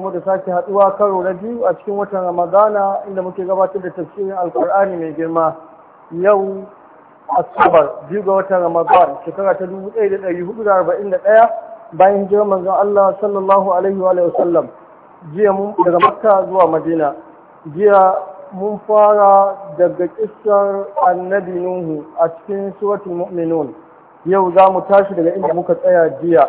mu da sake haduwa karo na biyu a cikin watan Ramadana inda muke gabatar da tafsirin Alkur'ani mai girma yau Asabar biyu ga watan Ramadan shekara ta dubu da da da arba'in ɗaya, bayan jiran ga Allah sallallahu alaihi wa sallam jiya daga Makka zuwa Madina jiya mun fara daga kisar Annabi Nuhu a cikin suratul Mu'minun yau za mu tashi daga inda muka tsaya jiya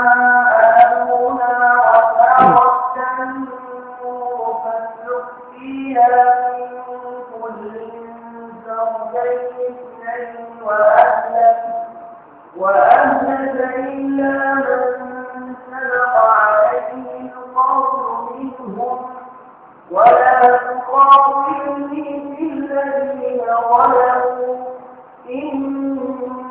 وأهلك إلا من سبق عليه القول منهم ولا تخاطبني في الذين ظلموا إنهم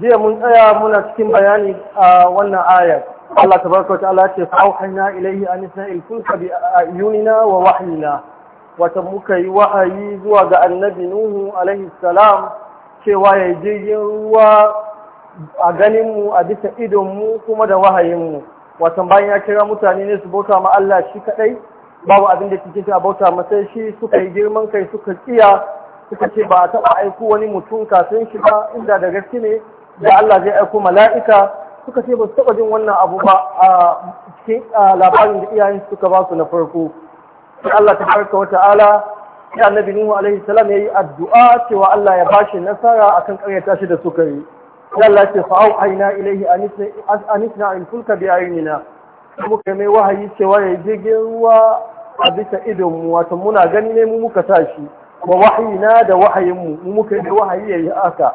jiya mun tsaya muna cikin bayani a wannan ayar Allah tabaraka wa ta'ala ce fa auhayna ilayhi an isna'il kulka bi ayunina wa wahyina wata muka yi wa'ayi zuwa ga annabi Nuhu alaihi salam cewa ya jirgin ruwa a ganinmu a bisa idonmu kuma da wahayinmu watan bayan ya kira mutane ne su bauta ma Allah shi kaɗai babu abin da cikin ta bauta sai shi suka yi girman kai suka tsiya suka ce ba a taɓa aiko wani mutum kafin shi ba inda da gaske ne da Allah zai aiko mala'ika suka ce ba su taɓa jin wannan abu ba a cikin labarin da iyayen suka ba su na farko sai Allah tabaraka wa ta'ala ya annabi Nuhu alaihi salam yayi addu'a cewa Allah ya bashi nasara akan karyata shi da sukari. yi sai Allah ce fa au aina ilaihi anisna al fulka bi aynina muka mai wahayi cewa ya jirgin ruwa a bisa idon mu wato muna gani ne mu muka tashi wa wahayina da wahayin mu mu muka yi wahayi yayi haka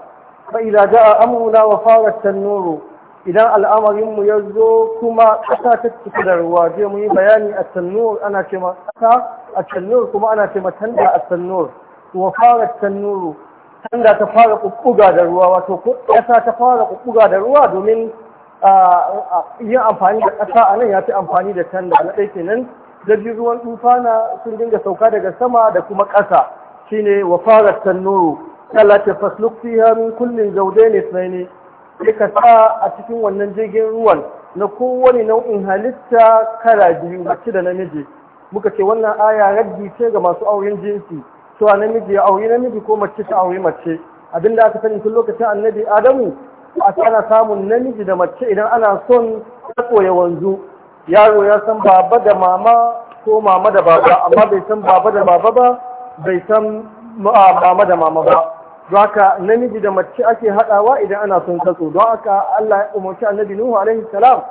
fa idza jaa amruna wa farat an idan al'amarinmu ya zo kuma ƙasa ta cikin da ruwa zai mu yi bayani a tannur ana ce ma ƙasa a tannur kuma ana ce ma tanda a tannur wa fara tannuru tanda ta fara ƙuƙuga da ruwa wato ƙasa ta fara ƙuƙuga da ruwa domin yin amfani da ƙasa a nan ya fi amfani da tanda na ɗai kenan da biyu ruwan na sun dinga sauka daga sama da kuma ƙasa shine wa fara tannuru Allah ta fasluk fiha min kullin zawdayn ithnayn sai ka sa a cikin wannan jirgin ruwan na kowane nau'in halitta kara biyu mace da namiji muka ce wannan aya raddi ce ga masu auren jinsi cewa namiji ya auri namiji ko mace ta auri mace abinda aka sani tun lokacin annabi adamu a ana samun namiji da mace idan ana son tsatso ya wanzu yaro ya san baba da mama ko mama da baba amma bai san baba da baba ba bai san ah, mama da mama ba don haka namiji da mace ake haɗawa idan ana son katso don haka Allah ya umarci annabi Nuhu alaihi salam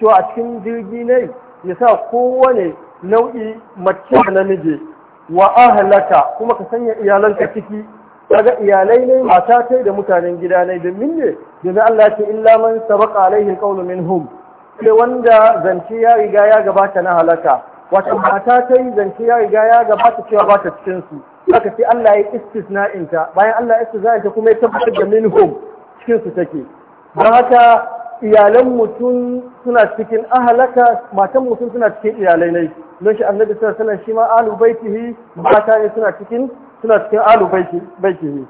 cewa a cikin jirgi ne ya sa kowane nau'i mace da namiji wa ahlaka kuma ka sanya iyalanka ciki kaga iyalai ne mata ta da mutanen gida ne domin ne domin Allah ya ce illa man sabaqa alaihi alqawlu minhum sai wanda zance ya riga ya gabata na halaka wata mata ta zance ya riga ya gabata cewa ba ta cikin haka ce Allah ya istisna'in ta bayan Allah ya istisna'in ta kuma ya tabbatar da minhum cikin su take don haka iyalan mutum suna cikin ahalaka matan mutum suna cikin iyalai ne don shi annabi sallallahu alaihi shi ma alu baitihi mata ne suna cikin suna cikin alu baitihi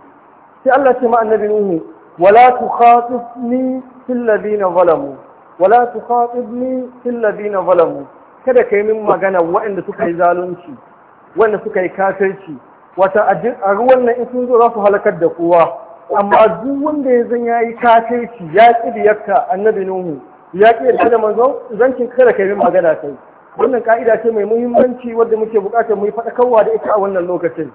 sai Allah ce ma annabi nuhu wala tukhatibni fil ladina zalamu wala tukhatibni fil ladina zalamu kada kai min magana waɗanda suka yi zalunci waɗanda suka yi kafirci wata a ruwan nan in sun zo za su halakar da kowa amma duk wanda ya zan yayi kafirci ya ƙi biyarta annabi nuhu ya ƙi da da manzo kada ka yi magana kai wannan ka'ida ce mai muhimmanci wadda muke bukatar mu yi faɗakarwa da ita a wannan lokacin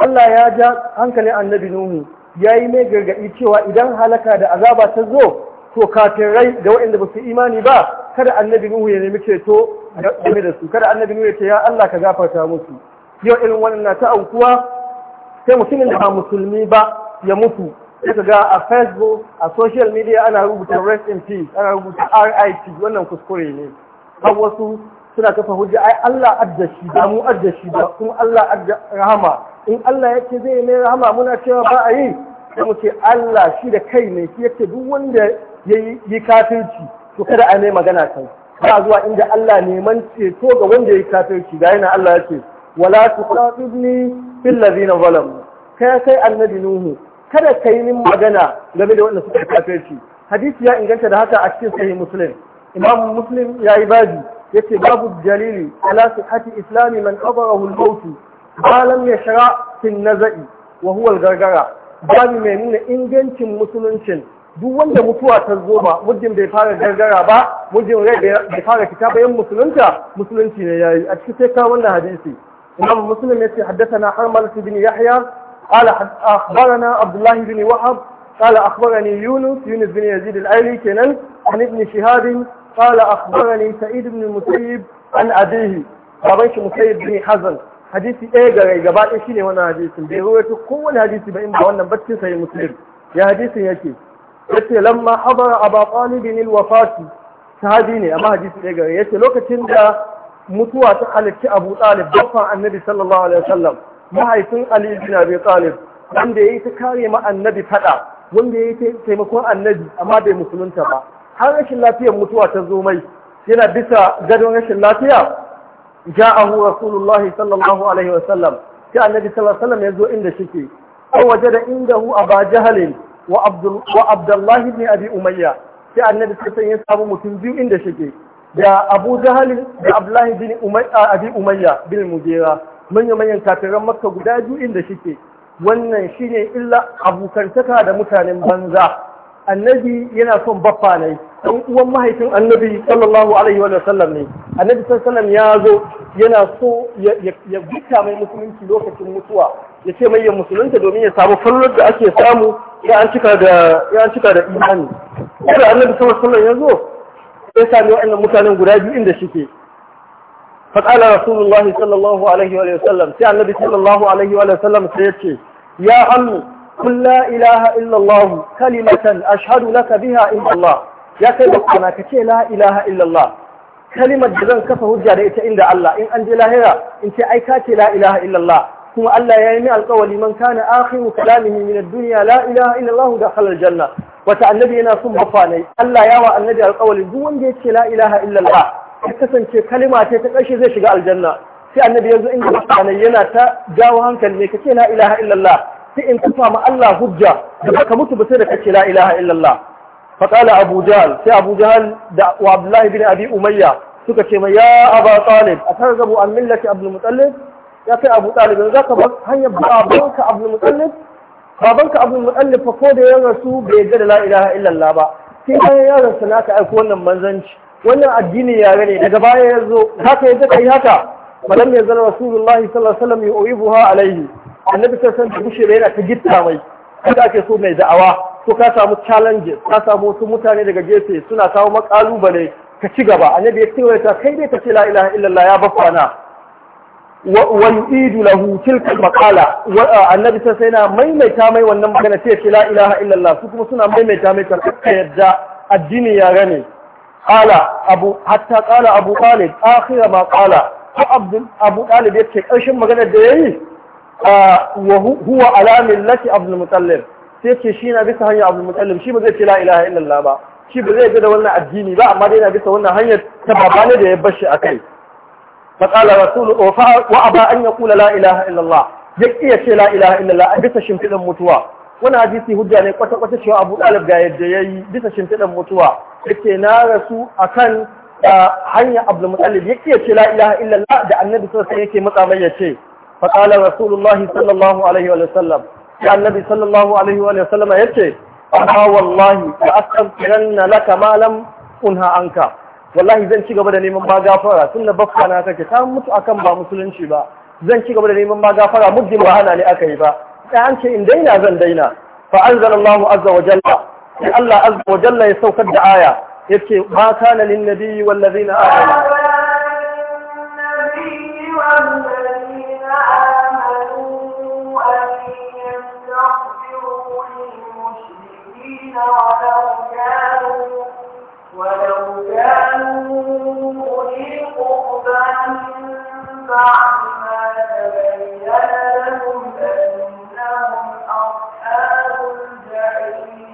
Allah ya ja hankalin annabi nuhu ya yi mai gargaɗi cewa idan halaka da azaba ta zo to kafin rai da waɗanda ba su imani ba kada annabi nuhu ya nemi ceto game da su kada annabi nuhu ya ce ya Allah ka gafarta musu yau irin wannan na ta aukuwa sai mutumin da ba musulmi ba ya mutu suka ga a facebook a social media ana rubuta rest in peace ana rubuta rit wannan kuskure ne har wasu suna kafa hujja ai Allah shi ba mu shi ba kuma Allah adda rahama in Allah yake zai mai rahama muna cewa ba a yi sai mu ce Allah shi da kai ne shi yake duk wanda yayi yi kafirci to kada a mai magana kai ba zuwa inda Allah neman ceto ga wanda ya yi kafirci ga yana Allah ya ce wala tuqatibni fil ladina zalamu kai kai annabi nuhu kada ka yi min magana game da wannan suka kafirci hadisi ya inganta da haka a cikin sahih muslim imam muslim yayi baji ce babu dalili ala sihhati islami man qadarahu al-maut ma lam yashra fi nazai wa huwa al-gargara babu mai nuna ingancin musuluncin duk wanda mutuwa ta zo ba muddin bai fara gargara ba muddin rai bai fara fita 'yan musulunta musulunci ne yayi a cikin sai ka wannan hadisi إمام مسلم يسي حدثنا حرملة بن يحيى قال أخبرنا عبد الله بن وهب قال أخبرني يونس يونس بن يزيد الأيلي كنان عن ابن شهاب قال أخبرني سعيد بن المسيب عن أبيه baban shi musayyib bin hazan hadisi ɗaya gare gaba ɗaya shine wannan hadisin bai rawaito kowane hadisi ba in ba wannan ba cikin sahih muslim ya hadisin yake yace lamma hadara aba talib ne amma hadisi ɗaya lokacin da mutuwa ta halarci Abu Talib babban Annabi sallallahu alaihi wasallam mahaifin Ali ibn Abi Talib wanda yayi ta kare ma Annabi fada wanda yayi ta taimakon Annabi amma bai musulunta ba har rashin lafiyar mutuwa ta zo mai yana bisa gadon rashin lafiya ja'ahu Rasulullah sallallahu alaihi wasallam sai Annabi sallallahu alaihi wasallam ya zo inda shike aw wajada indahu Aba Jahl wa wa Abdullah ibn Abi Umayya sai Annabi sai ya samu mutum biyu inda shike da abu jahalin da abdullahi bin abi umayya bin mujera manya-manyan kafiran makka guda biyu inda shike wannan shine illa abokantaka da mutanen banza annabi yana son baffa ne dan uwan mahaifin annabi sallallahu alaihi wa sallam ne annabi sallallahu ya zo yana so ya gita mai musulunci lokacin mutuwa ya ce mai musulunta domin ya samu fallar da ake samu ya an cika da imani sai annabi sallallahu alaihi ya zo Sai sami waɗannan mutanen guda biyu inda suke faƙalar rasulullahi sallallahu alaihi wa sallam sai annabi sallallahu alaihi wa sallam sai ya ce ya hannu kun la ilaha illallah kalimatan ashhadu laka biha inda Allah ya kai ba kana ka ce la ilaha illallah kalimar da zan kafa hujja da ita inda Allah in an je lahira in ce ai ka ce la ilaha illallah kuma Allah ya yi min alƙawari man kana akhiru kalamihi min ad-dunya la ilaha illallah dakhala al-janna wata annabi yana son mafanai Allah ya wa annabi alƙawalin, duk wanda ya ce la ilaha illallah ya kasance kalima ce ta ƙarshe zai shiga aljanna sai annabi yanzu inda mafanai yana ta jawo hankali ne ka ce la ilaha illallah sai in kafa ma Allah hujja da baka mutu ba sai da ka ce la ilaha illallah فقال أبو sai سي أبو جهل وعبد الله بن suka ce mai ya aba talib a targabu an millati abdul mutallib ya kai abu talib yanzu zaka bar hanyar ba abunka abdul babanka abu mu fa ko da ya rasu bai yarda da la illallah ba sai bayan ya rasu na ka aiko wannan manzanci wannan addini yare ne daga baya ya zo haka ka kai haka malam ya zara rasulullahi sallallahu alaihi wasallam yu'ibuha alaihi annabi sallallahu alaihi wasallam bushe yana ta gitta mai kada ake so mai da'awa ko ka samu challenges ka samu wasu mutane daga gefe suna kawo makalubale ka ci gaba annabi ya ta, kai dai ta ce la ilaha illallah ya bafana wa yu'idu lahu tilka annabi sai yana maimaita mai wannan magana sai ce la ilaha illallah su kuma suna maimaita mai kan aka yadda addini ya gane qala hatta qala abu talib akhir ma qala ko abdul abu talib yace karshen magana da yayi wa huwa ala millati abdul mutallib sai ce shi na bisa hanya abdul mutallib shi ba zai ce la ilaha illallah ba shi ba zai ga da wannan addini ba amma dai bisa wannan hanyar ta babane da ya bashi kai. فقال رسول وأبى أن يقول لا إله إلا الله يكي شيء لا إله إلا الله بس شمتنا متوا وانا حديثي هجة ne kwata kwata cewa Abu Dalib ga yadda yayi bisa shimfidan mutuwa yake na rasu akan hanya Abdul Muttalib yake ce la ilaha illallah da Annabi sallallahu alaihi yake matsa mai yace fa qala Rasulullahi sallallahu alaihi wa sallam ya Annabi sallallahu alaihi wa sallam yace A'a wallahi la astaghfiranna laka ma lam unha anka wallahi zan ci gaba da neman ma gafara sunna bafka na kake ka mutu akan ba musulunci ba zan ci gaba da neman ma gafara muddin ba hana ne aka yi ba sai an ce in daina zan daina fa anzalallahu azza wa jalla sai Allah azza wa jalla ya saukar da aya yace ma kana lin nabiyyi wal ladina amanu ولو كان ولو كانوا أولي قربى من بعد ما تبين لهم أنهم أصحاب الجحيم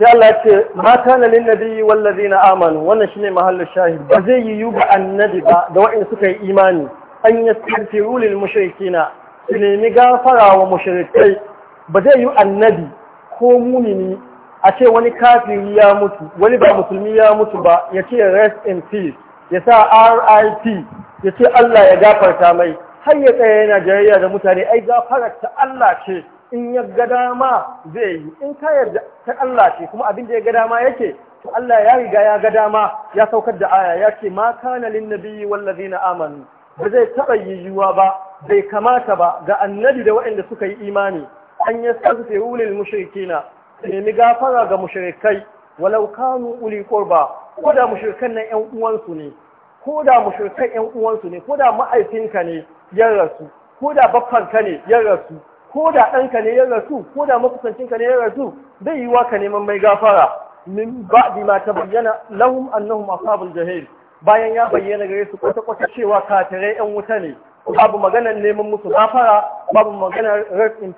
sai Allah ce ma kana lin nabiyyi wal ladina amanu wannan shi ne mahallin shahid ba zai yiwu ga annabi ba da waɗanda suka yi imani an yastaghfiru lil mushrikina su nemi gafara wa mushrikai ba zai yiwu annabi ko mumini a ce wani kafiri ya mutu wani ba musulmi ya mutu ba ya ce rest in peace ya sa RIP ya ce Allah ya gafarta mai har ya tsaye yana jayayya da mutane ai gafarar ta Allah ce in ya ga dama zai yi in ka yarda ta Allah ce kuma abin da ya ga dama yake to Allah ya riga ya ga dama ya saukar da aya ya ce ma kana lin nabiyyi wallazina amanu ba zai taɓa yiwuwa ba bai kamata ba ga annabi da waɗanda suka yi imani an yastasfiruna lil mushrikina nemi gafara ga mushrikai walau kanu uli qurba ko da mushrikan nan ƴan uwansu ne ko da mushrikan ƴan uwansu ne ko da ma'aifinka ne ya rasu ko da baffanka ne ya rasu ko da ɗanka ne ya rasu ko da makusancinka ne ya rasu Zai yi wa ka neman mai gafara min ba'di ma tabayyana lahum annahum ashabul jahil bayan ya bayyana gare su kwata kwata cewa kafirai yan wuta ne babu maganar neman musu gafara babu maganar rest in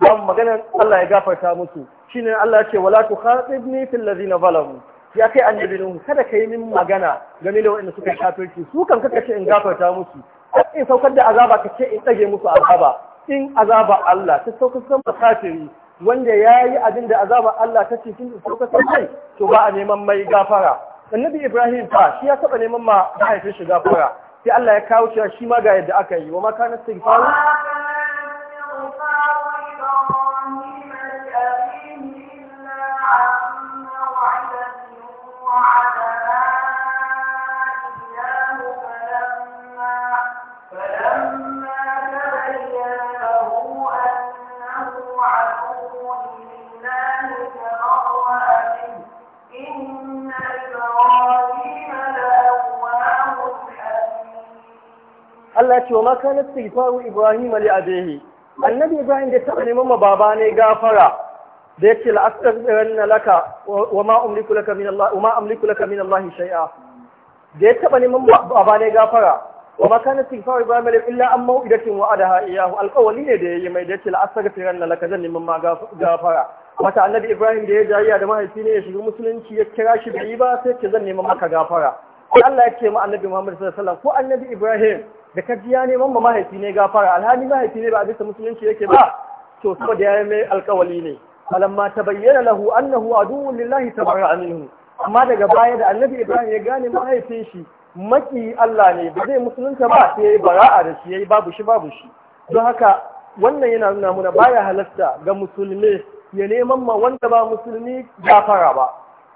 babu maganar Allah ya gafarta musu shine Allah ya ce wala tukhatibni fil ladina zalamu ya kai annabi nuhu kada ka yi min magana game da waɗanda suka kafirci su kan kaka ce in gafarta musu in saukar da azaba ka ce in tsage musu azaba in azaba Allah ta saukar san kafiri wanda ya yi abin da azaba Allah ta ce kin saukar san kai to ba a neman mai gafara annabi Ibrahim fa shi ya taba neman ma mahaifin shi gafara sai Allah ya kawo cewa shi ma ga yadda aka yi wa ma kana istighfaru Allah ya ce wa ma kana istighfaru Ibrahim li abihi annabi Ibrahim da taɓa neman ma baba ne gafara da yake la astaghfiranna laka wa ma amliku laka min Allah wa ma amliku laka min Allah shay'a da ya taɓa neman baba ne gafara wa ma kana istighfaru Ibrahim li illa an mau'idatin wa adaha iyahu alqawli ne da yayi mai da yake la astaghfiranna laka zan neman ma gafara wata annabi Ibrahim da ya jayya da mahaifi ne ya shiga musulunci ya kira shi bai ba sai ce zan neman maka gafara Allah ya ce ma annabi Muhammad sallallahu alaihi wasallam ko annabi Ibrahim da ka ya neman ma mahaifi ne gafara alhali mahaifi ne ba a bisa musulunci yake ba to saboda ya mai alkawali ne alamma bayyana lahu annahu aduwwun lillahi tabarra'a aminu!" amma daga baya da annabi ibrahim ya gane mahaifin shi maki Allah ne ba zai musulunta ba sai yayi bara'a da shi yayi babu shi babu shi don haka wannan yana nuna muna baya halatta ga musulmi ya neman ma wanda ba musulmi gafara ba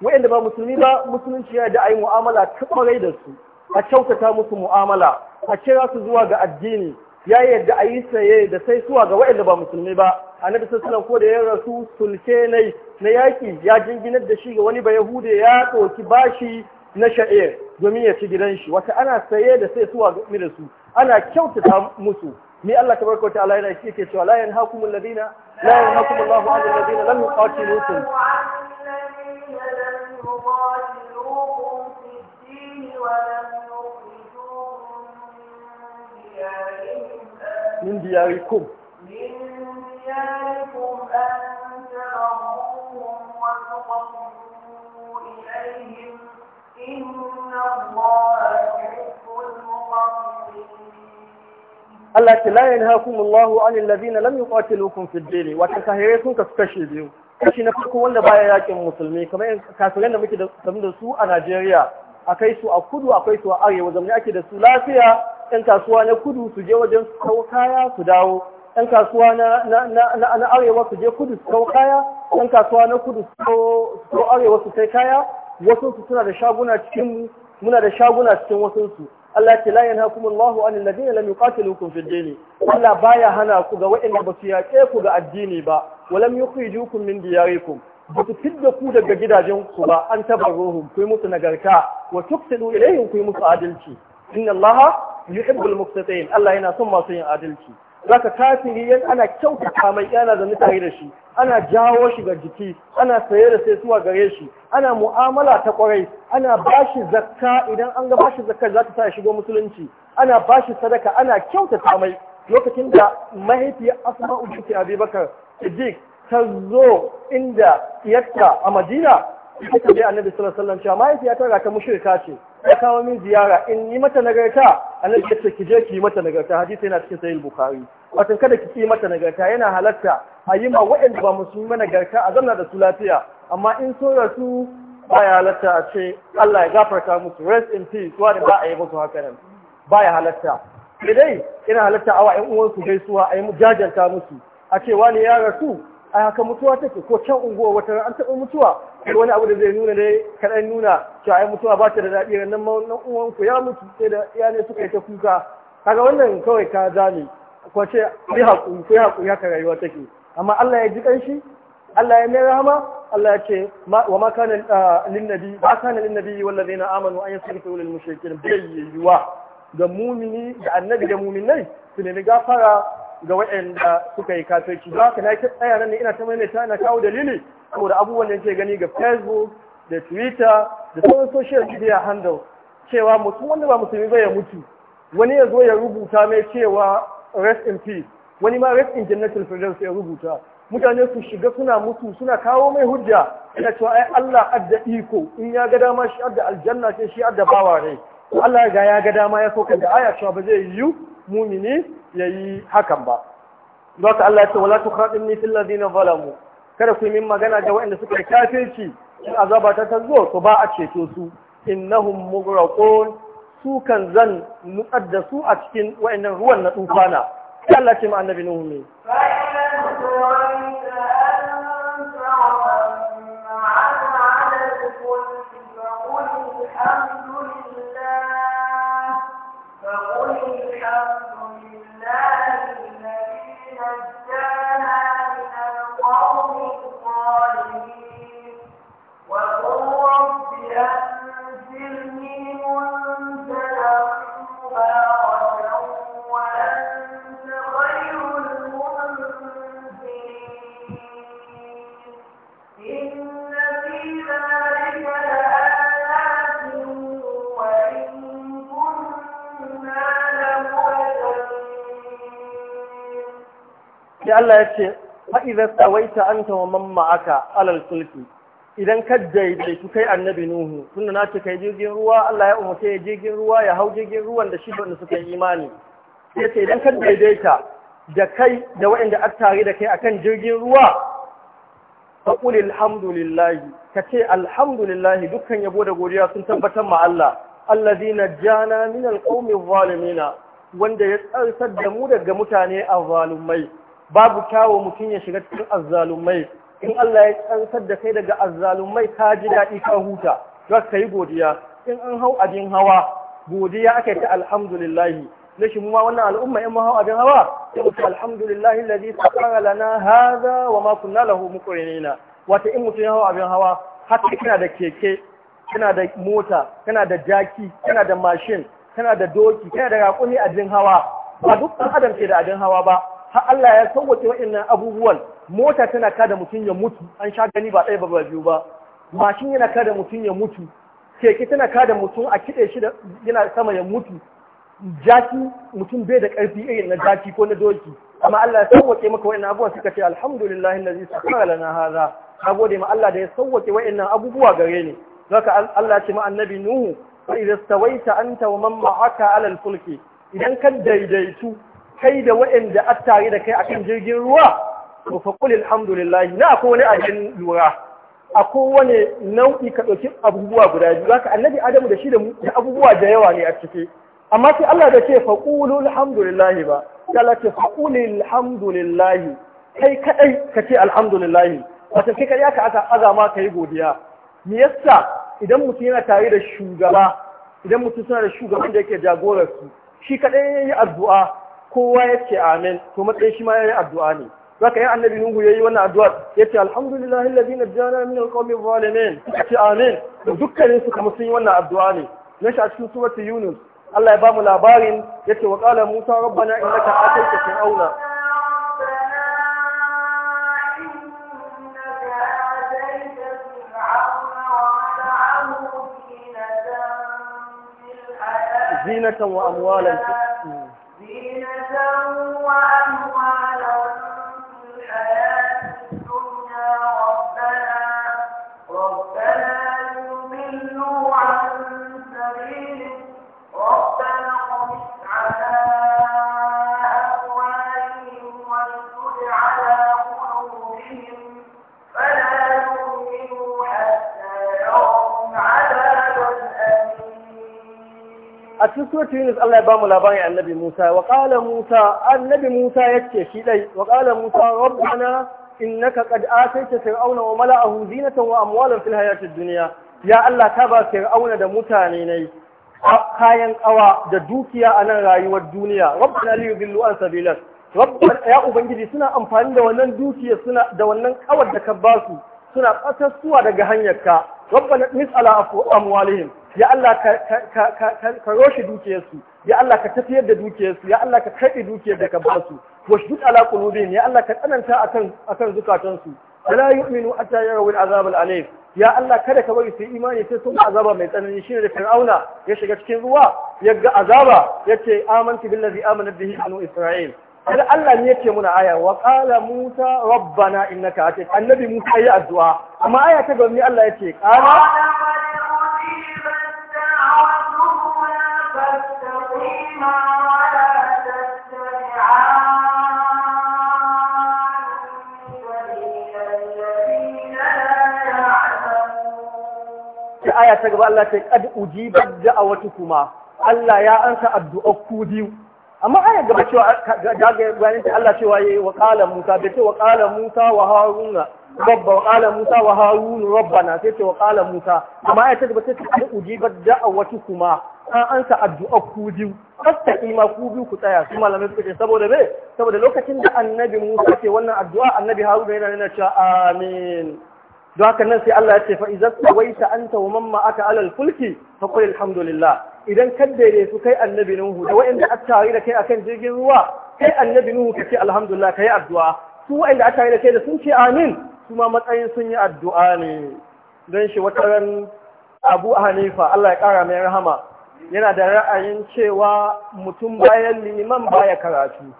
wa'anda ba musulmi ba musulunci yana da ayi mu'amala ta kwarai da su a kyautata musu mu'amala a kira su zuwa ga addini ya yadda a yi saye da sai suwa ga waɗanda ba musulmi ba annabi sallallahu ko da ya rasu sulke ne na yaki ya jinginar da shi ga wani ba yahude ya ɗauki bashi na sha'ir domin ya ci gidan shi wata ana saye da sai suwa ga da su ana kyautata musu ni Allah tabaraka wa ta'ala yana yake cewa la yanhaakum alladhina la yanhaakum Allahu 'anil ladina lam yuqatilukum من دياركم من دياركم أن ترموهم وتقصوا Allah ce la yanhaakum na 'anil ladina lam yuqatilukum fid din sun kasu kashe biyu kashi na farko wanda baya yakin musulmi kamar kafiran da muke da su a Najeriya akai su a kudu akai su a arewa zamani ake da su lafiya yan kasuwa na kudu su je wajen su kawo kaya su dawo yan kasuwa na arewa su je kudu su kawo kaya yan kasuwa na kudu su kawo arewa su sai kaya wasu su suna da shaguna cikin muna da shaguna cikin wasu su Allah ce la yanhakumullahu anil ladina lam yuqatilukum fid din Allah baya hana ku ga waɗanda ba su yaƙe ku ga addini ba walam yukhrijukum min diyarikum ba ku fidda ku daga gidajen ku ba an tabarruhum ku musu nagarta wa tuqsidu ilayhim kuyi musu adalci inna allaha yuhibbul muqsitin Allah yana son masu yin adalci zaka kafiri yan ana kyautata mai yana da mutane da shi ana jawo shi ga jiki ana saye da sai suwa gare shi ana mu'amala ta kwarai ana bashi zakka idan an ga bashi zakka za ta sa shigo musulunci ana bashi sadaka ana kyautata mai lokacin da mahaifiyar asma'u binti abubakar siddiq ta zo inda yakka a madina ta tabi annabi sallallahu alaihi wasallam mahaifiya ga ta mushrika ce ta kawo min ziyara in yi mata nagarta annabi ya ce ki je ki yi mata nagarta hadisi yana cikin sahih bukhari wato kada ki yi mata nagarta yana halatta a yi ma waɗanda ba musulmi nagarta a zanna da su lafiya amma in so rasu baya halatta a ce Allah ya gafarta musu rest in peace wani ba a yi musu haka nan baya halatta sai dai ina halatta awa 'yan uwansu gaisuwa a yi jajanta musu a ce wani ya rasu a haka mutuwa take ko can unguwa wata an taɓa mutuwa ko wani abu da zai nuna dai kaɗan nuna cewa ai mutuwa ba ta da daɗi nan uwan nan uwanku ya mutu sai da ne suka yi ta kuka kaga wannan kawai ka zame ko ce ai haƙuri ko haka rayuwa take amma Allah ya ji ƙanshi Allah ya mai rahama Allah ya ce wa ma kana ah, lin nabi ba kana lin nabi wal ladina amanu an yasrifu lil mushrikin bayyuwa ga mumini da annabi da muminai su ne gafara ga waɗanda suka yi kafirci ba ka na tsaya nan ina ta maimaita na kawo dalili saboda abubuwan da yake gani ga facebook da twitter da sauran social media handle cewa mutum wanda ba musulmi ba ya mutu wani ya zo ya rubuta mai cewa rest in peace wani ma rest in jannatul firdaus ya rubuta mutane su shiga suna mutu suna kawo mai hujja ina cewa ai Allah adda iko in ya ga dama shi adda aljanna sai shi adda bawa ne Allah ya ga ya ga dama ya soka da aya cewa ba zai yiwu mumini yayi hakan ba don ta Allah ya ce wala tukhatimni fil ladina zalamu kada ku min magana da waɗanda suka kafirci in azaba ta tazo to ba a ceto su innahum mughraqun su kan zan nutsar da su a cikin waɗannan ruwan na tufana sai Allah ce ma annabi nuhu ne Thank you. sai Allah ya ce fa'iza tsawaita an ta mamman ma'aka alal sulki idan ka daidaitu kai annabi nuhu tunda na ce kai jirgin ruwa Allah ya umarce ya jirgin ruwa ya hau jirgin ruwan da shi da suka yi imani sai ce idan ka daidaita da kai da waɗanda an tare da kai akan jirgin ruwa faƙul alhamdulillahi ka ce alhamdulillahi dukkan yabo da godiya sun tabbatar ma Allah allazi jana min alqawmi zalimina wanda ya tsarsar da mu daga mutane azzalumai babu kyawo mutum ya shiga cikin azzalumai in Allah ya tsantsar da kai daga azzalumai ka ji daɗi ka huta za ka yi godiya in an hau abin hawa godiya aka ta alhamdulillahi na shi mu ma wannan al'umma in mu hau abin hawa sai mu alhamdulillahi alladhi sakara lana hadha wa ma kunna lahu muqrinina wato in mutum ya hau abin hawa haka kana da keke kana da mota kana da jaki kana da mashin kana da doki kana da raƙumi abin hawa ba dukkan adam ke da abin hawa ba har Allah ya sauwace waɗannan abubuwan mota tana kada mutum ya mutu an sha gani ba ɗaya ba ba biyu ba mashin yana kada mutum ya mutu keke tana kada mutum a kiɗe shi da yana sama ya mutu jaki mutum bai da ƙarfi irin na jaki ko na doki amma Allah ya sauwace maka waɗannan abubuwan suka ce alhamdulillah allazi sakhara lana hadha gode ma Allah da ya sauwace waɗannan abubuwa gare ni ka Allah ce ma annabi nuhu fa idza stawaita anta wa man ma'aka ala al-fulki idan ka daidaitu kai da waɗanda a tare da kai a kan jirgin ruwa to fa qul alhamdulillah na akwai wani ajin lura akwai wani nau'i ka ɗauki abubuwa guda biyu haka annabi adamu da shi da abubuwa da yawa ne a ciki amma sai Allah da ce fa qulu alhamdulillah ba sai Allah ce fa qul alhamdulillah kai kadai ka ce alhamdulillah Wata kai kaɗai aka aka azama yi godiya me yasa idan mutum yana tare da shugaba idan mutum suna da shugaban da yake jagorar su shi ya yayi addu'a kowa ya ce amin to matsayin shi ma ya yi addu'a ne zaka yi annabi nuhu yi wannan addu'a yace alhamdulillahi alladhi jana min alqawmi Ya ce amin dukkanin su kama sun yi wannan addu'a ne na shi a cikin suratul yunus Allah ya bamu labarin yace wa qala musa rabbana ka atayta fir'auna zinatan wa amwalan وأموالا a cikin suratul yunus Allah ya bamu labarin annabi Musa wa qala Musa annabi Musa yace shi dai wa qala Musa rabbana innaka qad ataita fir'auna wa mala'ahu zinatan wa amwalan fil hayatid dunya ya Allah ka ba fir'auna da mutane ne kayan kawa da dukiya a nan rayuwar duniya rabbana li yudillu an sabilak rabbana ya ubangiji suna amfani da wannan dukiya suna da wannan kawar da ka ba su suna suwa daga hanyar ka. rabbana nis'ala afu amwalihim ya Allah ka roshe dukiyarsu ya Allah ka tafiyar da dukiyarsu ya Allah ka karɓe dukiyar da ka ba su washdud ala qulubihim ya Allah ka tsananta akan akan zukatansu wala yu'minu hatta yarawul azab al-alim ya Allah kada ka bari su yi imani sai a azaba mai tsanani shine da Fir'auna ya shiga cikin ruwa ya ga azaba yace amantu billazi amana bihi banu Isra'il sai Allah ne yake muna aya wa qala Musa rabbana innaka atik annabi Musa yi addu'a amma aya ta gaba Allah yake qala aya ta gaba Allah ce kad ujibat da'awatukuma Allah ya ansa addu'a ku biyu amma ana gaba cewa daga bayan ta Allah cewa yayi wa qala Musa bai ce wa qala Musa wa Haruna babba wa qala Musa wa Harun rabbana sai ce wa qala Musa amma ayata gaba sai ta ujibat da'awatu kuma an ansa addu'a ku biyu fastaqima ku biyu ku tsaya su malamai suka ce saboda me saboda lokacin da annabi Musa ce wannan addu'a annabi Haruna yana nuna cewa amin don haka nan sai Allah ya ce fa idza sawaita anta wa man ma'aka alal fulki fa qul alhamdulillah idan kan daidaitu kai annabi Nuhu da waɗanda aka tare da kai akan jirgin ruwa kai annabi Nuhu kace alhamdulillah kai addu'a su waɗanda aka tare da kai da sun ce amin su ma matsayin sun yi addu'a ne don shi wata ran Abu Hanifa Allah ya kara mai rahama yana da ra'ayin cewa mutum bayan liman baya karatu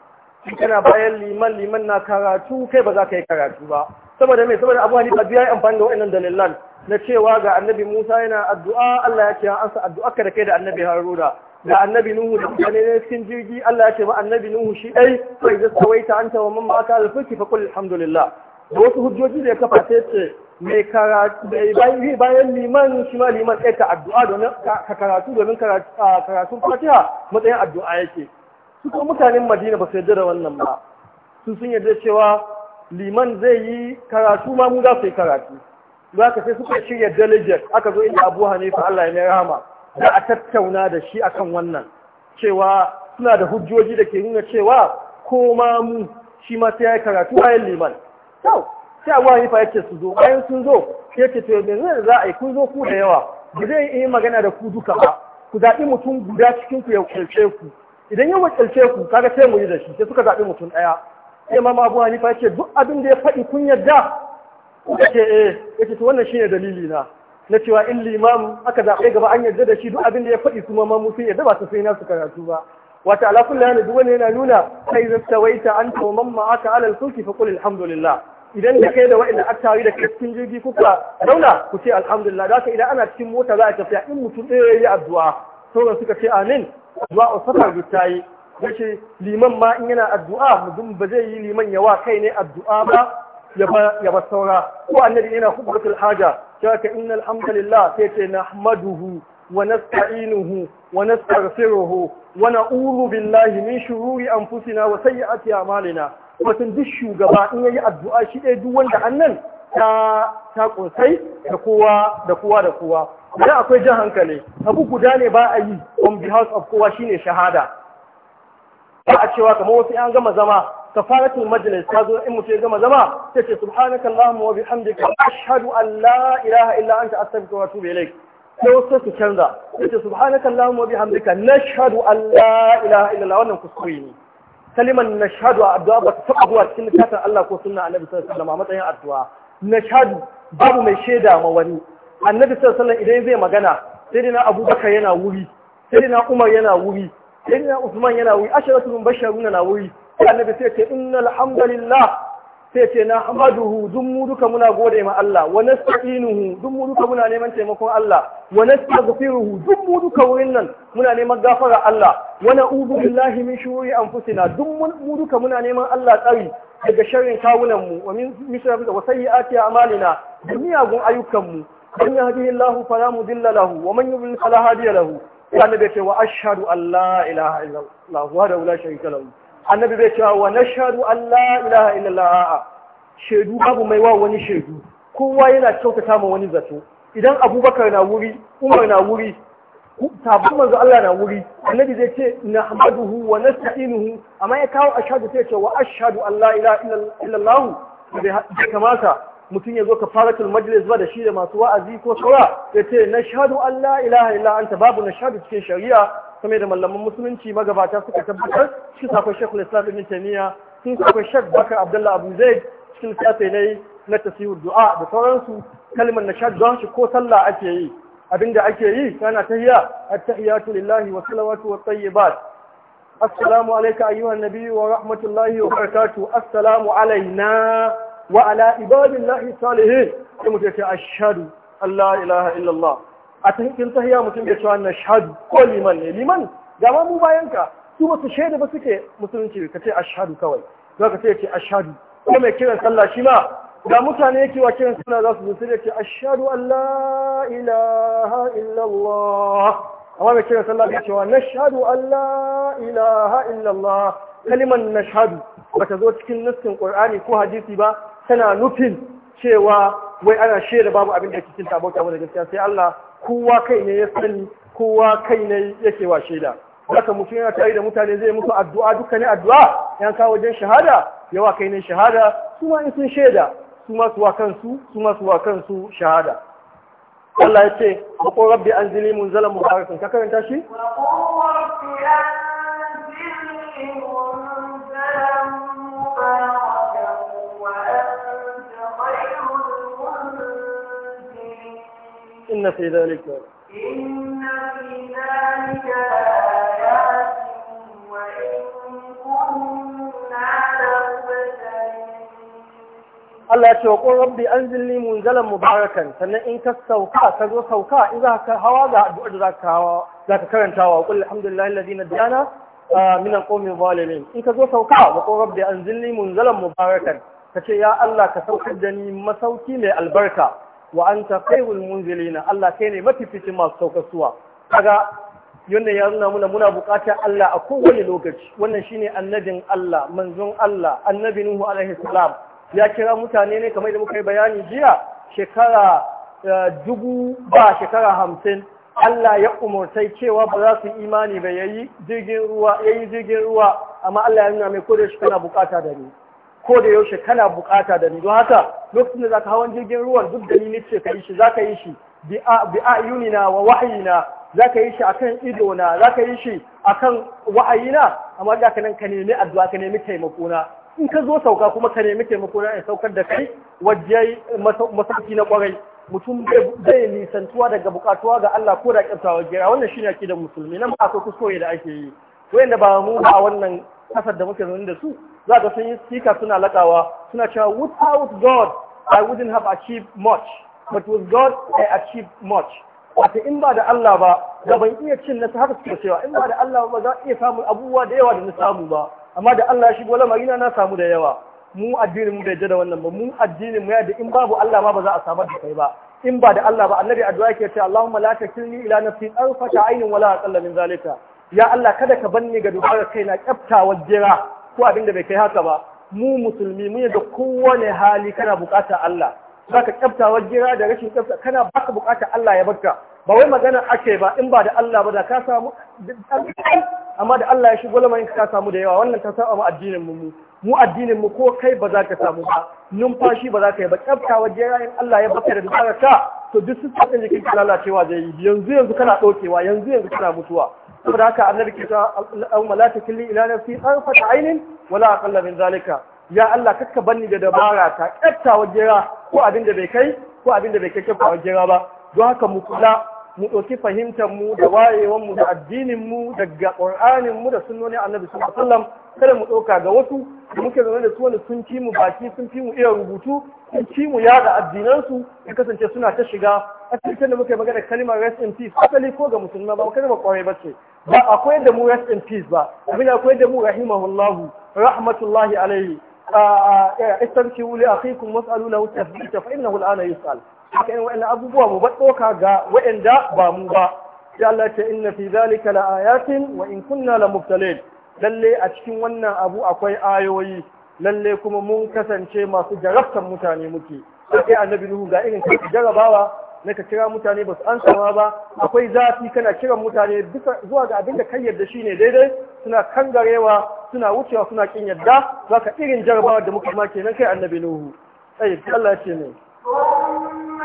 kana bayan liman liman na karatu kai ba za ka yi karatu ba saboda me saboda Abu Hanifa biya amfani da waɗannan dalilan na cewa ga annabi Musa yana addu'a Allah ya ce ya ansa addu'a ka da kai da annabi Haruna da annabi Nuhu da mutane ne cikin jirgi Allah ya ce ma annabi Nuhu shi dai zai idza sawaita anta wa man ma'aka fulki alhamdulillah da wasu hujjoji da ya kafa sai ce mai karatu bayan bayan liman shi ma liman ɗaya ka addu'a domin ka karatu domin karatun Fatiha matsayin addu'a yake su kuma mutanen Madina ba su yarda da wannan ba su sun yarda cewa liman zai yi karatu ma mu za su yi karatu zaka sai suka shirya dalijar aka zo inda abu hanifa Allah ya rahama za a tattauna da shi akan wannan cewa suna da hujjoji da ke nuna cewa ko ma mu shi ma sai ya yi karatu bayan liman Yau, sai abu hanifa ya ce su zo bayan sun zo ya ce to yanzu za a yi kun zo ku da yawa ba zai yi magana da ku duka ba ku zaɓi mutum guda cikin ku ya kwalce ku idan ya kwalce ku kaga sai mu yi da shi sai suka zaɓi mutum ɗaya sai ma abu hanifa ya duk abin da ya faɗi kun yarda yace eh yace wannan shine dalili na na cewa in limam aka zaɓe gaba an yarda da shi duk abin da ya faɗi kuma ma mu sun yarda ba su sai nasu karatu ba wata ala kulli hal duk wani yana nuna kai zastawaita anta an man ma'aka ala alal fulki fa qul alhamdulillah idan da kai da wa'inda attawi da kai cikin jirgi kuka zauna ku ce alhamdulillah da ka idan ana cikin mota za a tafiya in mutum ɗaya ya yi addu'a sauran suka ce amin addu'a usaka ta yi yace liman ma in yana addu'a mutum ba zai yi liman yawa kai ne addu'a ba ya bar saura ko annabi yana khutbatul haja cewa ka alhamdulillah, hamdalillah sai ce nahmaduhu wa nasta'inuhu wa nastaghfiruhu wa na'udhu billahi min shururi anfusina wa sayyiati a'malina mutum duk shugaba in yayi addu'a shi ɗaya duk wanda annan ta ta kunsai da kowa da kowa da kowa akwai jan hankali abu guda ne ba a yi on behalf of kowa shine shahada ba a cewa kamar wasu an gama zama kafaratul majlis ta zo in mutum ya gama zama sai ce subhanaka allahumma wa bihamdika ashhadu an la ilaha illa anta astaghfiruka wa atubu ilaik sai wasu su canza sai ce subhanaka allahumma wa bihamdika nashhadu an la ilaha illa allah wannan kuskure ne kalimar nashhadu a addu'a ba ta taba zuwa cikin littafin Allah ko sunna annabi sallallahu alaihi wasallam a matsayin addu'a nashhadu babu mai shaida ma wani annabi sallallahu alaihi wasallam idan zai magana sai dai abubakar yana wuri sai dai umar yana wuri sayyidina Usman yana wuri asharatu mubashshirun na wuri annabi sai ce innal hamdalillah sai ce na hamaduhu duk mu duka muna gode ma Allah wa nasta'inuhu duk mu duka muna neman taimakon Allah wa nastaghfiruhu duk mu duka wurin nan muna neman gafara Allah wa na'udhu billahi min shururi anfusina duk mu duka muna neman Allah tsari daga sharrin kawunan mu wa min misrafi wa sayyiati a'malina da miyagun ayyukan mu man yahdihillahu fala mudilla lahu wa man yudlil fala hadiya lahu annabi ya ce wa ashhadu an la ilaha illallah wa la sharika lahu annabi bai cewa wa nashhadu an la ilaha illallah a'a shaidu babu mai wa wani shaidu kowa yana kyautata ma wani zato idan abubakar na wuri umar na wuri sabon manzo Allah na wuri annabi zai ce na hamaduhu wa nasta'inuhu amma ya kawo ashhadu sai ce wa ashhadu an la ilaha illallah bai kamata mutum ya zo ka fara majalis ba da shi da masu wa'azi ko saura ya ce na shahadu Allah ilaha illa anta babu na shahadu cikin shari'a kuma da mallaman musulunci magabata suka tabbatar cikin sakon Sheikhul Islam Ibn Taymiyyah sun sakon Sheikh Bakar Abdullah Abu Zaid cikin safe ne na tasihur du'a da sauransu kalmar na shahadu don shi ko sallah ake yi abinda ake yi kana tahiyya at-tahiyatu lillahi wa salawatu wa tayyibat assalamu alayka ayyuhan nabiyyu wa rahmatullahi wa barakatuh assalamu wa ala ibadillahi salihin sai mutum ce ashhadu Allah ilaha illallah a cikin tahiyya mutum ya cewa na shahadu ko liman ne liman ga mu bayan ka su ba su shaida ba suke musulunci ka ce ashhadu kawai za ka ce a ashhadu ko mai kiran sallah shi ma da mutane yake wa kiran sallah za su zo sai ya ce ashhadu an la ilaha illallah amma mai kiran sallah ya cewa na nashhadu Allah la ilaha illallah kalimar nashhadu ba ta zo cikin nassin qur'ani ko hadisi ba tana nufin cewa wai ana shaida babu abin da cikin tabauta da gaskiya sai Allah kowa kai ne ya sani kowa kai ne yake wa shaida haka mutu yana tare da mutane zai mutu addu'a duka ne addu'a yan kawo wajen shahada yawa kai ne shahada su ma in sun shaida su ma su wa kansu su ma su wa kansu shahada Allah ya ce ko rabbi anzili munzalan mubarakan ka karanta shi إن في ذلك إن في ذلك آيات وإن كنا لمبتلين الله يقول ربي أنزل لي منزلا مباركا فإن إنك السوكاء تقول سوكاء إذا كهوا بعد ذاك هوا ذاك كرن تهوا وقل الحمد لله الذي نديانا آه، من القوم الظالمين إنك تقول سوكاء وقل ربي أنزل لي منزلا مباركا فشي يا الله كسوكدني مسوكي من البركة wa kai khairul munzilina Allah kai ne mafificin masu saukasuwa kaga yanda ya nuna muna muna buƙatar Allah a kowane lokaci wannan shine annabin Allah manzon Allah annabi Nuhu alaihi salam ya kira mutane ne kamar da muka yi bayani jiya shekara eh, dubu ba shekara hamsin Allah ya umurtai cewa ba za su imani ba yayi jirgin ruwa yayi jirgin ruwa amma Allah ya nuna mai ko shi kana bukata da ni ko da yaushe kana bukata da ni don haka lokacin da zaka hawan jirgin ruwan duk da ni nace ka yi shi zaka yi shi bi yunina wa wahyina zaka yi shi akan ido na zaka yi shi akan wa'ayina amma da ka nan ka nemi addu'a ka nemi taimako na in ka zo sauka kuma ka nemi taimako na in saukar da kai waje masauki na kwarai mutum zai nisantuwa daga bukatuwa ga Allah ko da kyautawa gira wannan shine akidar musulmi nan ba akwai kuskure da ake yi wayanda ba mu ba a wannan kasar da muke zaune da su za ka sun yi speaker suna lakawa suna cewa without God I wouldn't have achieved much but with God I achieved much wata in ba da Allah ba da ban iya cin nasu haka suke cewa in ba da Allah ba za iya samun abubuwa da yawa da na samu ba amma da Allah ya shigo lamarina na samu da yawa mu addinin mu bai da wannan ba mu addinin mu ya da in babu Allah ma ba za a samar da kai ba in ba da Allah ba annabi addu'a yake cewa Allahumma la takilni ila nafsi fata ainin wala aqalla min zalika ya Allah kada ka banne ga kai kaina kyaftawa jira ko abin da bai kai haka ba mu musulmi mun yadda kowane hali kana bukata Allah Za zaka kyaftawar gira da rashin kyafta kana baka bukata Allah ya baka. ba wai magana ake ba in ba da Allah ba da ka samu amma da Allah ya shigo lamarin ka samu da yawa wannan ta saba mu addinin mu mu addinin mu ko kai ba za ka samu ba numfashi ba za ka yi ba kyaftawar gira in Allah ya baka da dubara ka to duk sun jikin lalacewa zai yi yanzu yanzu kana ɗaukewa yanzu yanzu kana mutuwa saboda haka annabi ke ta Allahumma la takilni ila nafsi tarfata ainin wala aqalla min zalika ya Allah kakka banni da dabara ta katta wajera ko abin da bai kai ko abin da bai kai katta wajera ba don haka mu kula mu ɗauki fahimtar mu da wayewar mu da addinin mu daga ƙur'anin mu da sunnoni annabi sallallahu alaihi wasallam kada mu ɗauka ga wasu da muke zaune da su wanda sun ci mu baki sun mu iya rubutu sun ci mu yada addinansu ya kasance suna ta shiga asibitin da muke magana kalmar rest in peace asali ko ga musulma ba kalmar kwarai ba ce ba akwai da mu rest in peace ba abin akwai da mu rahimahullahu rahmatullahi alaihi استمسكوا لأخيكم واسألوا له التثبيت فإنه الآن yusal haka yin wa'in abubuwa mu ba ɗoka ga wa'anda ba mu ba sai Allah ce inna fi zalika la ayatin wa in kunna la mubtalin lalle a cikin wannan abu akwai ayoyi lalle kuma mun kasance masu jarabtan mutane muke sai annabi nuhu ga irin jarabawa na ka kira mutane ba su an sama ba akwai zafi kana kiran mutane bisa zuwa ga abin da kan yarda shine daidai suna kangarewa suna wucewa suna kin yarda zaka irin jarabawa da muka ma kenan kai annabi nuhu sai Allah ce ne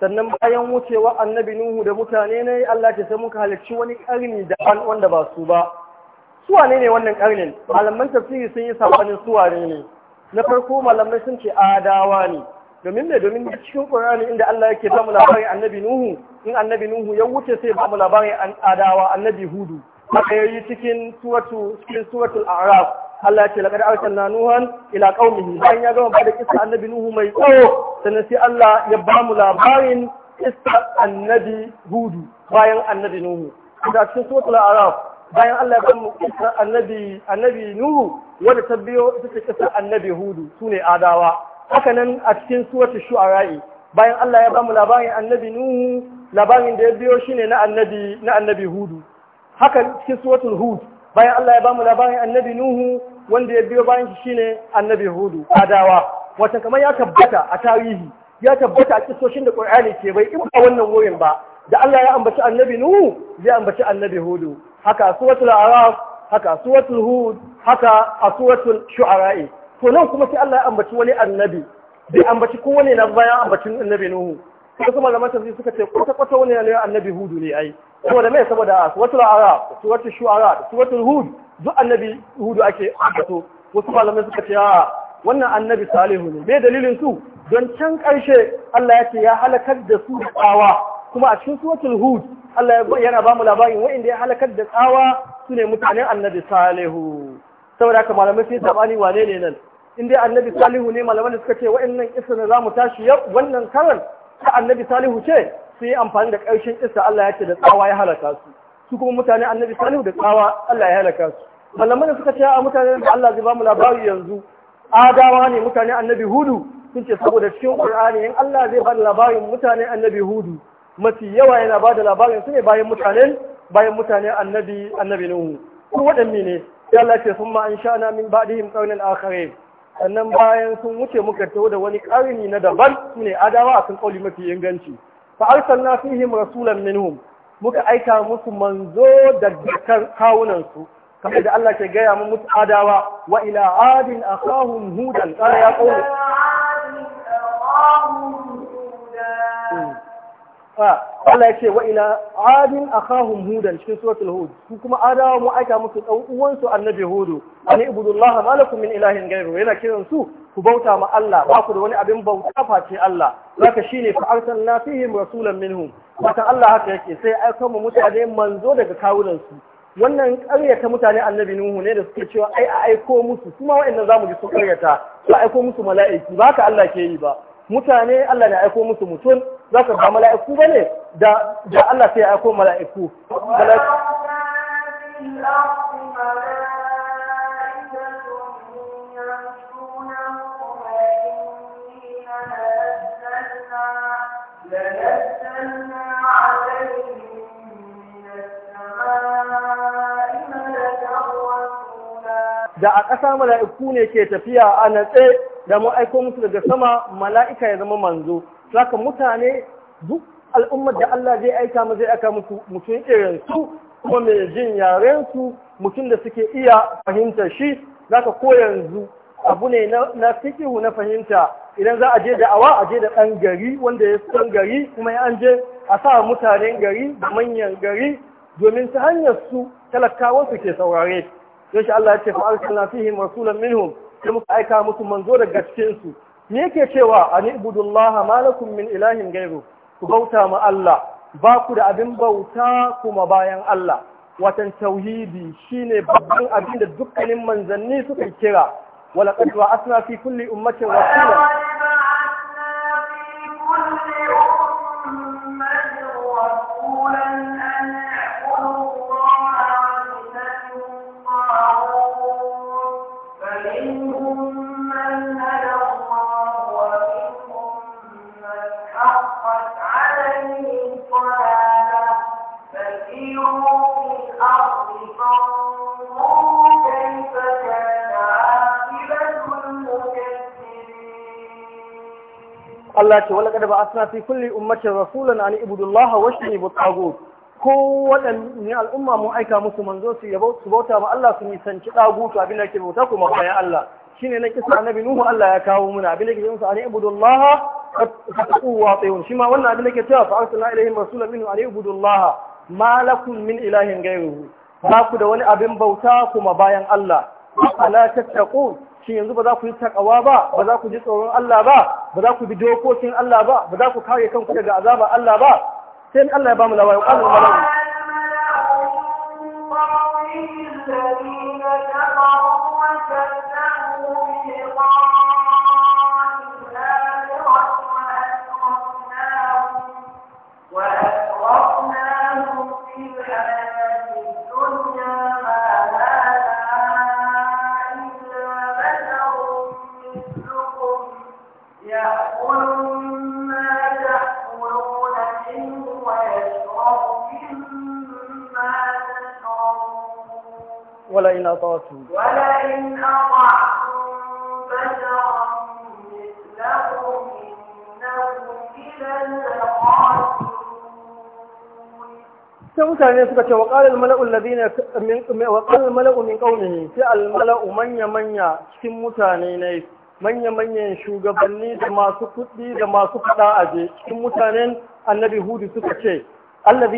sannan bayan wucewa annabi nuhu da mutane ne Allah ke sai muka halarci wani karni daban wanda ba su ba suwa ne ne wannan karnin malaman tafsiri sun yi sabanin su ne ne na farko malamai sun ce adawa ne domin ne domin cikin qur'ani inda Allah yake ba mu labarin annabi nuhu in annabi nuhu ya wuce sai ba mu labarin adawa annabi hudu haka yayi cikin cikin suratul a'raf Allah ya ce laqad na nuhan ila qaumihi bayan ya gama bada kisa annabi nuhu mai tsawo sannan sai Allah ya ba mu labarin kisa annabi hudu bayan annabi nuhu da cikin suratul araf bayan Allah ya mu kisa annabi annabi Nuhu wanda ta biyo ita ce kisa annabi Hudu sune Adawa haka nan a cikin suratul shu'ara'i bayan Allah ya bamu labarin annabi Nuhu labarin da ya biyo shine na annabi na annabi Hudu haka cikin suratul hudu bayan Allah ya bamu labarin annabi Nuhu wanda ya biyo bayan shi shine annabi Hudu adawa wata kamar ya tabbata a tarihi ya tabbata a kisoshin da Qur'ani ke bai in ba wannan wurin ba da Allah ya ambaci annabi Nuhu zai ambaci annabi Hudu haka suratul Araf haka suratul Hud haka a suratul Shu'ara to nan kuma sai Allah ya ambaci wani annabi bai ambaci kowane na bayan ambacin annabi Nuhu sai kuma malaman tafsir suka ce kwata kwata wani ne annabi Hudu ne ai saboda mai saboda suratul araf suratul shu'ara suratul hud duk annabi hudu ake ambato wasu malamai suka ce a wannan annabi salihu ne Bai dalilin su don can karshe Allah ya ce ya halakar da su da tsawa kuma a cikin suratul hud Allah yana ba mu labarin wa'inda ya halakar da tsawa su ne mutanen annabi salihu saboda haka malamai sun sabani wane ne nan in dai annabi salihu ne malamai da suka ce wa'annan isra za mu tashi yau wannan karan ta annabi salihu ce sai amfani da ƙarshen isa, Allah ya ce da tsawa ya halaka su su kuma mutane annabi salihu da tsawa Allah ya halaka su malamai suka ce a mutane da Allah zai ba mu labari yanzu adawa ne mutane annabi hudu sun ce saboda cikin qur'ani in Allah zai ba labarin mutane annabi hudu mafi yawa yana ba da labarin su ne bayan bayan mutane annabi annabi nuhu ko waɗanne ne sai ce sun ma an sha'ana min ba'dihim qarnan akharin sannan bayan sun wuce muka taho da wani ƙarni na daban su ne adawa a kan kauli mafi inganci fa arsalna fihim rasulan minhum muka aika musu manzo da daga kawunansu kamar da Allah ke gaya mun musu adawa wa ila adin akahum hudan qala ya qawmi Allah ya ce wa ila adin akahum hudan cikin suratul hud su kuma adawa mu aika musu dan uwansu annabi hudu ani ibudullaha malakum min ilahin ghayru yana kiran su ku bauta ma Allah ba ku da wani abin bauta face Allah shi ne fa arsalna fihim rasulan minhum wata Allah haka yake sai aika mu mutane manzo daga kawunan su wannan ƙaryata mutane annabi Nuhu ne da suke cewa ai a aiko musu kuma waɗannan zamu ji sun ƙaryata ba aiko musu mala'iki ba haka Allah ke yi ba mutane Allah ne aiko musu mutum ka ba mala'iku bane da da Allah sai ya aiko mala'iku mala'iku da a ƙasa mala'iku ne ke tafiya a natse da mu aiko musu daga sama mala'ika ya zama manzo saka mutane duk al'ummar da Allah zai aika mu zai aika musu mutum irin su kuma mai jin yarensu mutum da suke iya fahimta shi zaka ko yanzu abu ne na fikihu na fahimta idan za a je da awa a je da ɗan gari wanda ya san gari kuma ya an je a sa mutanen gari da manyan gari domin ta hanyar su talakawa su ke saurare sai Allah ya ce fa arsalna fihim rasulan minhum sai muka aika musu manzo daga cikin su me yake cewa ani ibudullaha malakum min ilahin gairu ku bauta ma Allah ba ku da abin bauta kuma bayan Allah watan tauhidi shine babban abin da dukkanin manzanni suka kira wala qad wa'asna fi kulli ummatin rasula Allah ce wala kada ba asna fi kulli ummatin rasulan an ibudullah wa shnibu tagut ko wadanne al'umma mun aika musu manzo su yabo su bauta ma Allah su nisanci tagutu abin da ke bauta kuma bayan Allah shine na kisa annabi nuhu Allah ya kawo muna abin da ke cewa an ibudullah fatqu wa tayun shi ma wannan abin da ke cewa fa arsalna ilaihim rasulan minhu an ibudullah ma lakum min ilahin ghayruhu ba ku da wani abin bauta kuma bayan Allah ala tattaqun shin yanzu ba za ku yi takawa ba ba za ku ji tsoron Allah ba ba za ku bi dokokin Allah ba ba za ku kare kanku daga azaba Allah ba sai Allah ya bamu mu labarin qala malaku الذين كفروا أطعتم ولئن أطعتم بشرا sai mutane suka ce waƙar mala'un ladina waƙalar mala'un min ƙaunihi sai al-mala'u manya-manya cikin mutane ne manya-manyan shugabanni da masu kuɗi da masu a je. cikin mutanen annabi hudu suka ce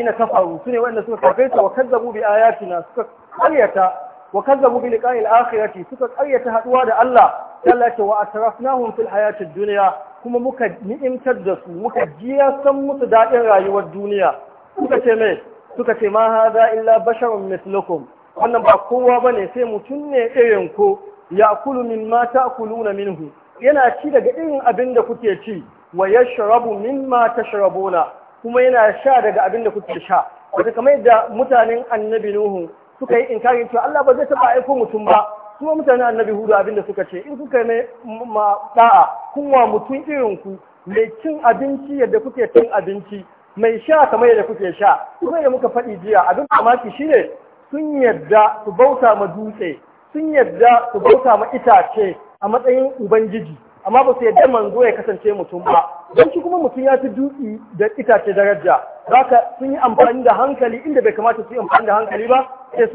na kafaru su ne waɗanda suka kafaita wa kazzabu bi ayatina suka karyata wa kazzabu bi liqa'il akhirati suka karyata haduwa da Allah Allah ce wa asrafnahum fil hayatid dunya kuma muka ni'imtar da su muka jiya san musu dadin rayuwar duniya suka ce mai suka ce ma hada illa basharun mislukum wannan ba kowa bane sai mutum ne irin ku ya'kulu mimma ta'kuluna minhu yana ci daga irin abin da kuke ci wa yashrabu mimma tashrabuna kuma yana sha daga abin da kuke sha wata kamar da mutanen annabi Nuhu suka yi inkarin cewa Allah ba zai taɓa aiko mutum ba kuma mutane annabi hudu abin da suka ce in kuka ne mm, ma da'a kunwa mutum irin ku mai cin abinci yadda kuke cin abinci mai sha kamar yadda kuke sha kuma da muka faɗi jiya abin mamaki shine sun yadda su bauta ma dutse sun yadda su bauta ma itace a matsayin ubangiji amma ba su yadda manzo ya kasance mutum ba don shi kuma mutum ya fi dutse da itace daraja za ka sun yi amfani da hankali inda bai kamata su yi amfani da hankali ba sai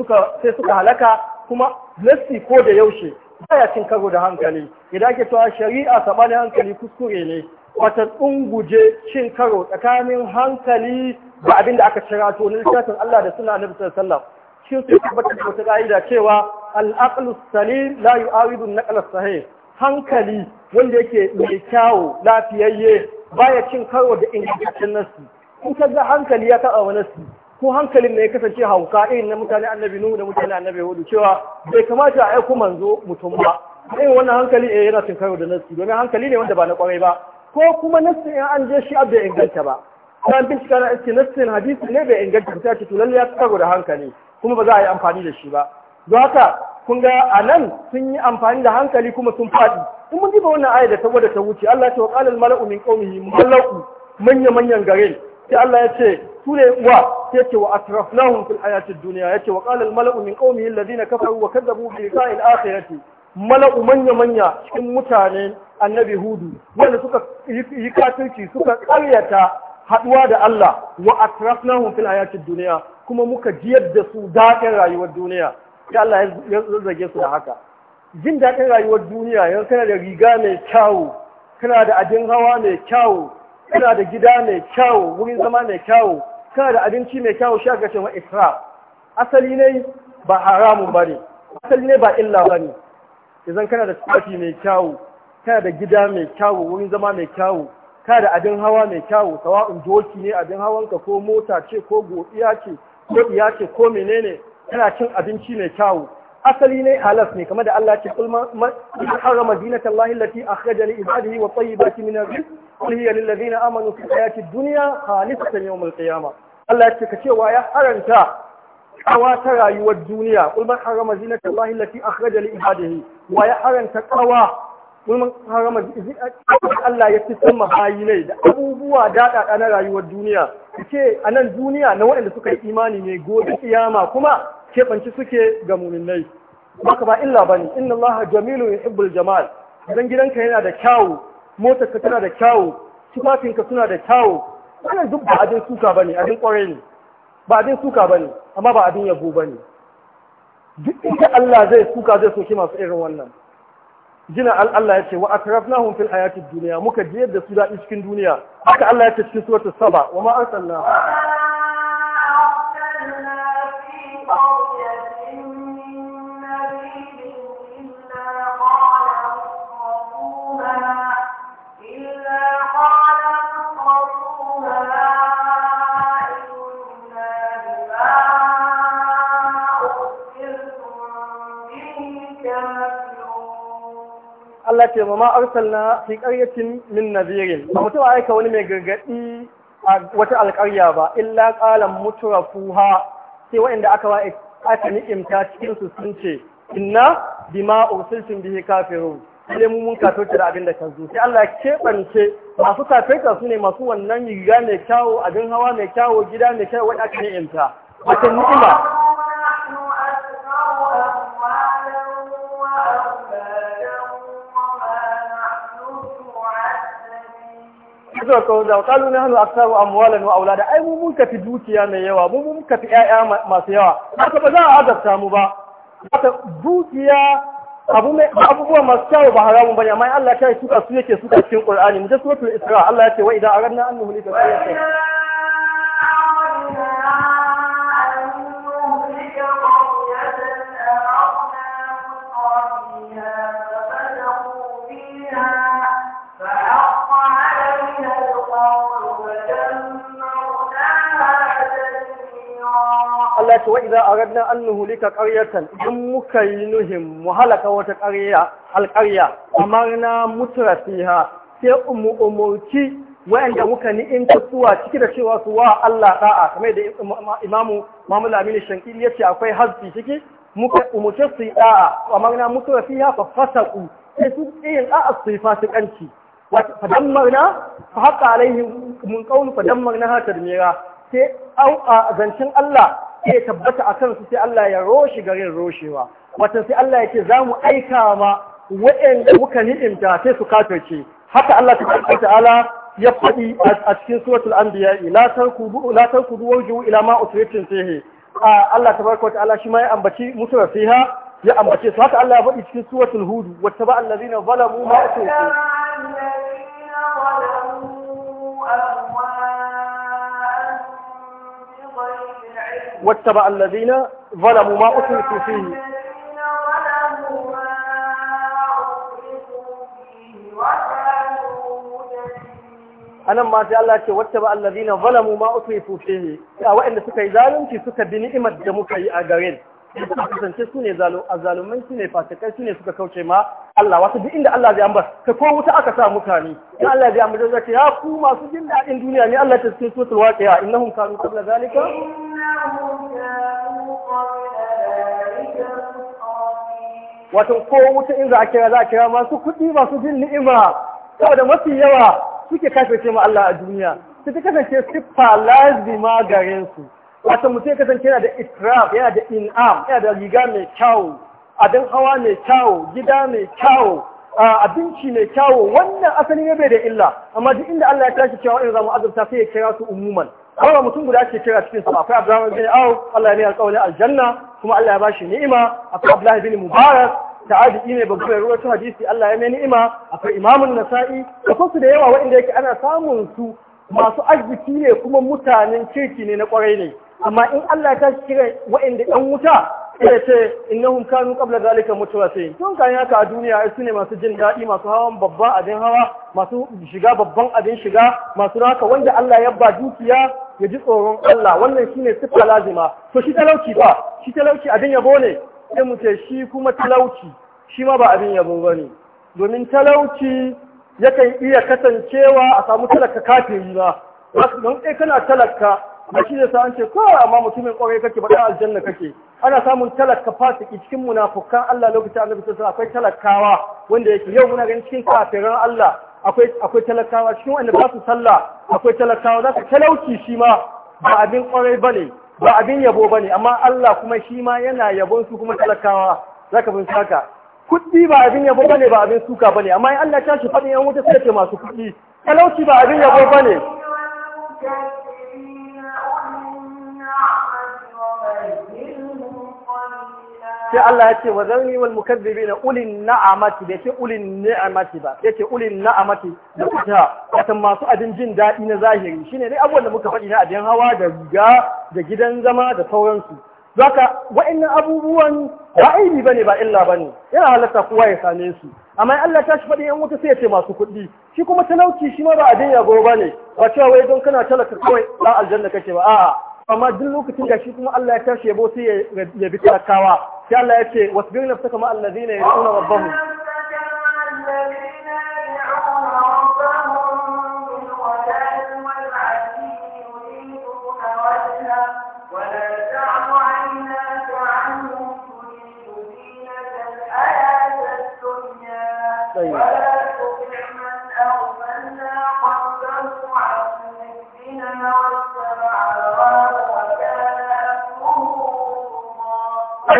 suka halaka kuma lassi ko da yaushe ya cin karo da hankali idan ake cewa shari'a saɓanin hankali kuskure ne wata tsunguje cin karo tsakanin hankali ba abin da aka cira to na littafin Allah da suna Annabi sallallahu alaihi wasallam shi su tabbatar da wata ka'ida cewa al-aqlu salim la an hankali wanda yake mai kyawo lafiyayye baya cin karo da ingantaccen nasi in ka ga hankali ya taɓa wa nasi ko hankalin da ya kasance hauka irin na mutane annabi nuhu da mutane annabi hudu cewa bai kamata a aiko manzo mutum ba irin wannan hankali eh yana cin karo da nasi domin hankali ne wanda ba na kwarai ba ko kuma nasi in an je shi bai inganta ba kan bincika na iske nassin hadisi ne bai inganta ta ce to lalle ya karo da hankali kuma ba za a yi amfani da shi ba don haka kun ga a nan sun yi amfani da hankali kuma sun faɗi in mun diba wannan ayar da ta gwada ta wuce Allah ya ce wa qala mala'u min qaumihi muhallaku manya manyan gare. sai Allah ya ce su ne wa sai ya ce wa atrafnahum fil hayatid dunya ya ce wa qala al mala'u min qaumihi alladhina kafaru wa kadzabu bi liqa'il akhirati mala'u manya manya cikin mutane annabi hudu wanda suka yi kafirci suka karyata haduwa da Allah wa atrafnahum fil hayatid dunya kuma muka jiyar da su daɗin rayuwar duniya sai Allah ya zazzage su da haka jin daɗin rayuwar duniya yanzu kana da riga mai kyawu kana da abin hawa mai kyawu kana da gida mai kyawu wurin zama mai kyawu kana da abinci mai kyawu shi aka wa isra asali ne ba haramun ba ne asali ne ba illa ba ne idan kana da tsofi mai kyawu kana da gida mai kyawu wurin zama mai kyawu kana da abin hawa mai kyawu sawa'un doki ne abin hawanka ko mota ce ko godiya ce ko iya ce ko menene tana cin abinci mai kyawu asali ne halas ne kamar da Allah ce kul man harrama zinata Allah allati akhraja li ibadihi wa tayyibati min rizq qul hiya lil ladina amanu fi hayati dunya khalisatan yawm al qiyamah Allah ya ce ka cewa ya haranta kawa ta rayuwar duniya kul man harrama zinata Allah allati akhraja li ibadihi wa ya haranta kawa kul man harrama Allah ya fitar mahayi ne da abubuwa daɗaɗa na rayuwar duniya ce a nan duniya na waɗanda suka yi imani ne gobe kiyama kuma keɓanci suke ga muminai baka ba illa bane inna allaha Jamilu yuhibbul jamal idan gidanka yana da kyawu motarka tana da kyawu tufafinka suna da kyawu wannan duk ba abin suka bane abin ƙwarai ne ba abin suka bane amma ba abin yabo bane duk inda Allah zai suka zai soki masu irin wannan jina Allah ya ce wa atrafnahum fil hayatid dunya muka jiyar da su daɗi cikin duniya haka Allah ya ce cikin suratul saba wa ma arsalna Allah ce ma arsalna fi qaryatin min nadhirin ba mutum aika wani mai gargaɗi a wata alƙarya ba illa qalan mutrafuha sai waɗanda aka wa aka ni'imta cikin su sun ce inna bima ursiltum bihi kafirun sai mu mun kafirta da abin da ka zo sai Allah keɓance masu kafirta su ne masu wannan riga mai kyawo abin hawa mai kyawo gida mai kyawo wanda aka ni'imta suka kawo da kalu na hannu amwalan wa aulada ai mu muka fi dukiya mai yawa mu muka ƴaƴa masu yawa haka ba za a azabta mu ba haka dukiya abu mai abubuwa masu kyawu ba haramun bane amma Allah ya kai suka su yake suka cikin Qur'ani mu je suratul Isra Allah ya ce wa idan aranna an nuhlika iza aradna an nuhlika qaryatan idan muka yi nuhim mu halaka wata qarya alqarya amarna mutra fiha sai umu umurci wa'anda muka ni'imta suwa ciki da cewa su wa Allah ta'a. kamar da imamu Muhammad Amin Shankili yace akwai hazbi ciki muka umurce su da'a amarna mutra fiha fa fasaqu sai su yin da'a su yi fasikanci fadammarna fa haqa alaihim mun qawlu na ha tadmira sai au a zancin Allah sai tabbata a kansu sai Allah ya roshi garin roshewa wata sai Allah ya ce za mu aika ma waɗanda muka ni'imta sai su kafirce haka Allah ta tabaraka ta'ala ya faɗi a cikin suratul anbiya la tarkudu la tarkudu wajhu ila ma usritin fihi Allah tabaraka ta'ala shi ma ya ambaci musu nasiha ya ambace su haka Allah ya faɗi cikin suratul hudu hud wattaba allazina zalamu ma usritu واتبع الذين ظلموا ما أتركوا فيه anan ma sai Allah ce wattaba allazina zalamu ma utrifu fihi a wa'anda suka yi zalunci suka bi ni'imar da muka yi a garin suka kasance su ne azalumai su ne fasikai su ne suka kauce ma Allah wata duk inda Allah zai ambar ta ko wuta aka sa mutane in Allah zai ambar zai ce ya ku masu jin daɗin duniya ne Allah ta cikin suratul waqi'a innahum kanu qabla zalika wato ko wuta in za a kira za a kira masu kuɗi masu jin ni'ima saboda mafi yawa suke kafirce ma Allah a duniya su ta kasance siffa lazima garin su wata mutum ya kasance yana da israf yana da in'am yana da riga mai kyawo, abin hawa mai kyawo, gida mai kyawo, abinci mai kyawo, wannan asalin ya bai da illa amma duk inda Allah ya tashi cewa irin zamu azurta sai ya kira su umuman kawai mutum guda ke kira cikin su akwai abdullahi bin Auf Allah ya ne alƙawarin aljanna kuma Allah ya ba shi ni'ima akwai Abdullahi bin Mubarak ta'adiki ne babbar ruwatu hadisi Allah ya mai ni'ima akwai imamun nasa'i da su da yawa waɗanda yake ana samun su masu arziki ne kuma mutanen kirki ne na kwarai ne amma in Allah ta kira waɗanda ɗan wuta ya ce innahum kanu qabla zalika mutrafi tun kan haka a duniya su ne masu jin daɗi masu hawan babban abin hawa masu shiga babban abin shiga masu haka wanda Allah ya ba dukiya ya ji tsoron Allah wannan shine sifa lazima to shi talauci ba shi talauci abin yabo ne sai mu ce shi kuma talauci shi ma ba abin yabo bane domin talauci yakan iya kasancewa a samu talaka kafiri ba don kai kana talaka ba shi da sa'an ce kawai amma mutumin kwarai kake ba aljanna kake ana samun talaka fasiki cikin munafukan Allah lokacin annabi sallallahu akwai talakawa wanda yake yau muna ganin cikin kafiran Allah akwai akwai talakawa cikin wanda ba su sallah akwai talakawa za su talauci shi ma ba abin kwarai bane ba abin yabo bane amma Allah kuma shi ma yana yabon su kuma talakawa zaka bin saka kuɗi ba abin yabo bane ba abin suka bane amma in Allah ya shi faɗin yan wuta sai ce masu kuɗi talauci ba abin yabo bane sai Allah ya ce wa zarni wal na ulin na'amati da yake ulin ni'amati ba yake ulin na'amati da kuta wata masu abin jin daɗi na zahiri shine dai abubuwan da muka faɗi na abin hawa da riga da gidan zama da sauransu zaka wa'annan abubuwan ba ne bane ba illa bane yana halatta kowa ya same su amma Allah ta shi faɗi yan wuta sai ya ce masu kuɗi shi kuma talauci shi ma ba abin yabo bane ba cewa wai don kana talaka kawai dan aljanna kake ba a'a amma duk lokacin da shi kuma Allah ya tashi yabo sai ya bi talakawa يا الله يا شيخ واتبعوا الذين يدعون ربهم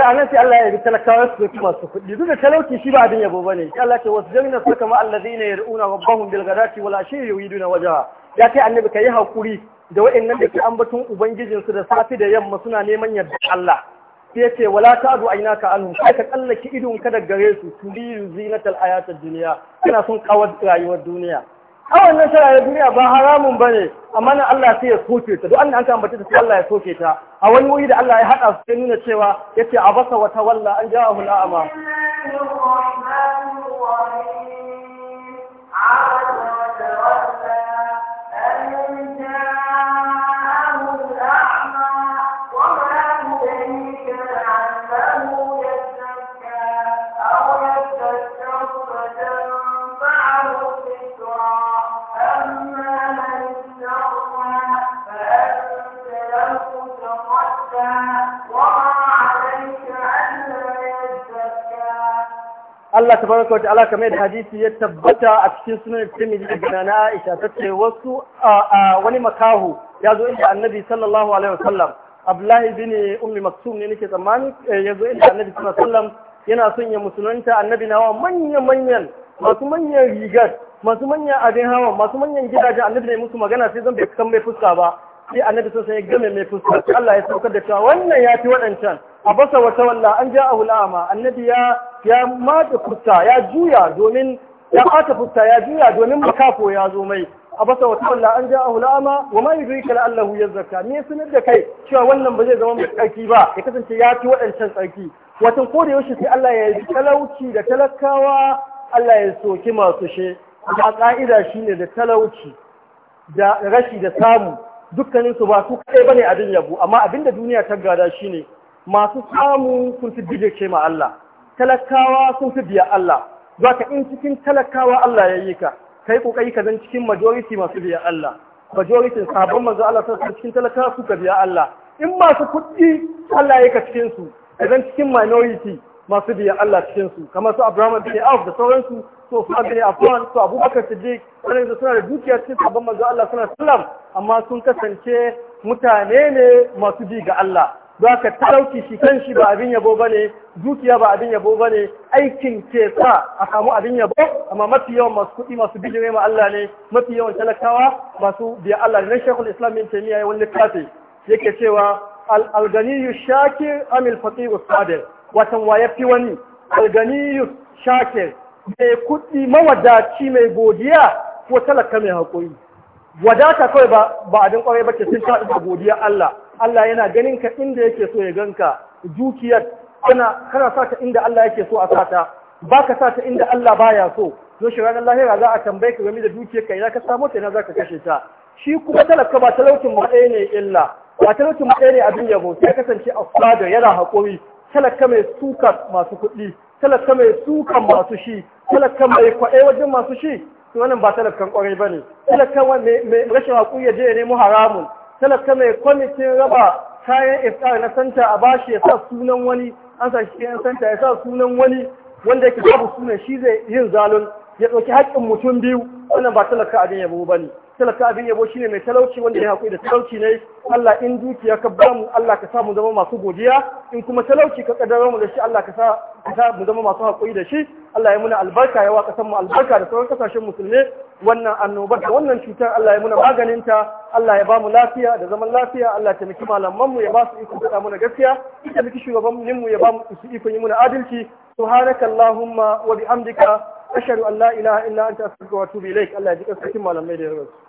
kaga anan sai Allah ya yi talakawa su ci masu kuɗi duk da talauci shi ba abin yabo bane sai Allah ce wasu jami'na su kama alladhina yar'una rabbahum bil ghadati wal ashi yuriduna wajha ya kai annabi yi hakuri da wa'annan da ke ambaton ubangijin su da safi da yamma suna neman yarda Allah sai ce wala ta'du aynaka anhum kai ka kallaki idon ka da gare su tuliru zinatal hayatid dunya kana son kawar rayuwar duniya kawai nan shara duniya ba haramun ne. amma na Allah sai ya soke ta duk an an ambata ta sai Allah ya soke ta a wani wuri da Allah ya hada su sai nuna cewa yace abasa wa walla an ja'ahu al'ama Thank Allah tabaraka wata'ala kamar da hadisi ya tabbata a cikin sunan Tirmidhi da na Aisha tace wasu wani makahu ya zo inda Annabi sallallahu alaihi wasallam Abdullahi bin Ummi Maktum ne nake tsammani ya zo inda Annabi sallallahu alaihi wasallam yana son ya musulunta Annabi nawa manyan manyan masu manyan rigar masu manyan abin hawa masu manyan gidaje annabi ne musu magana sai zan bai san mai fuska ba sai annabi sun sai game mai fuska sai Allah ya saukar da cewa wannan ya fi waɗancan a basa wata walla an ja a hulama annabi ya ya mata fuska ya juya domin ya ɓata fuska ya juya domin makafo ya zo mai a basa wata walla an ja a hulama wa ma yi kala Allah ya zakka me sanar da kai cewa wannan ba zai zama mai tsarki ba ya kasance ya fi waɗancan tsarki watan kodayaushe yaushe sai Allah ya yi talauci da talakawa Allah ya soki masu shi a ƙa'ida ne da talauci da rashi da samu dukkanin su ba su ba bane abin yabo amma abin da duniya ta gada shi ne. masu samu sun fi bijirce ma Allah talakawa sun fi biya Allah Za ka in cikin talakawa Allah ya yi ka kai kokari ka zan cikin majority masu biya Allah majority sabon manzo Allah sai cikin talakawa suka biya Allah in masu kuɗi Allah ya ka cikin su ka zan cikin minority masu biyan Allah cikin su kamar su Abraham bin Auf da sauransu su Usman bin Affan su Abubakar Siddiq wannan da suna da dukiya cikin sabon manzo Allah suna sallam amma sun kasance mutane ne masu bi ga Allah don haka talauci shi kan shi ba abin yabo bane dukiya ba abin yabo bane aikin ke sa a samu abin yabo amma mafi yawan masu kuɗi masu bi ma Allah ne mafi yawan talakawa masu biya Allah ne Sheikhul Islam bin Taymiyyah ya wani littafi yake cewa al-ganiyu shakir amil faqir sadir watan wa fi wani alganiyu shakir mai kuɗi mawadaci mai godiya ko talaka mai haƙuri wadata kawai ba ba ƙwarai ba ke sun shaɗu da godiya Allah Allah yana ganin ka inda yake so ya ganka dukiyar kana kana sa ta inda Allah yake so a sata baka sa ta inda Allah baya so to shi ranar lahira za a tambaye ka game da dukiyar ka ina ka samu ta ina za ka kashe ta shi kuma talaka ba ɗaya ne illa ba talaucin ma ɗaya ne abin yabo sai kasance a yana haƙuri talaka mai suka masu kuɗi talaka mai suka masu shi talaka mai kwaɗe wajen masu shi to wannan ba talakan ƙwarai ba ne talaka mai rashin haƙuri ya je ya nemo haramun talaka mai kwamitin raba kayan iftar na santa a bashi ya sa sunan wani an sa shi yan santa ya sa sunan wani wanda yake babu sunan shi zai yin zalun ya ɗauki haƙƙin mutum biyu wannan ba talaka abin yabo ba ne talaka abin yabo shine mai talauci wanda ya haƙuri da talauci ne Allah in dukiya ka ba mu Allah ka sa mu zama masu godiya in kuma talauci ka kaddara mu da shi Allah ka sa ka sa mu zama masu haƙuri da shi Allah ya muna albarka ya waka san mu albarka da sauran kasashen musulmi wannan annobar da wannan cutar Allah ya muna maganin ta Allah ya ba mu lafiya da zaman lafiya Allah ya taimaki malaman mu ya ba su iko da muna gaskiya ya taimaki shugaban mu ya ba mu su iko yi muna adalci allahumma wa bihamdika أشهد أن لا إله إلا أنت أستغفرك وأتوب إليك الله Allah ya ji kasance malamai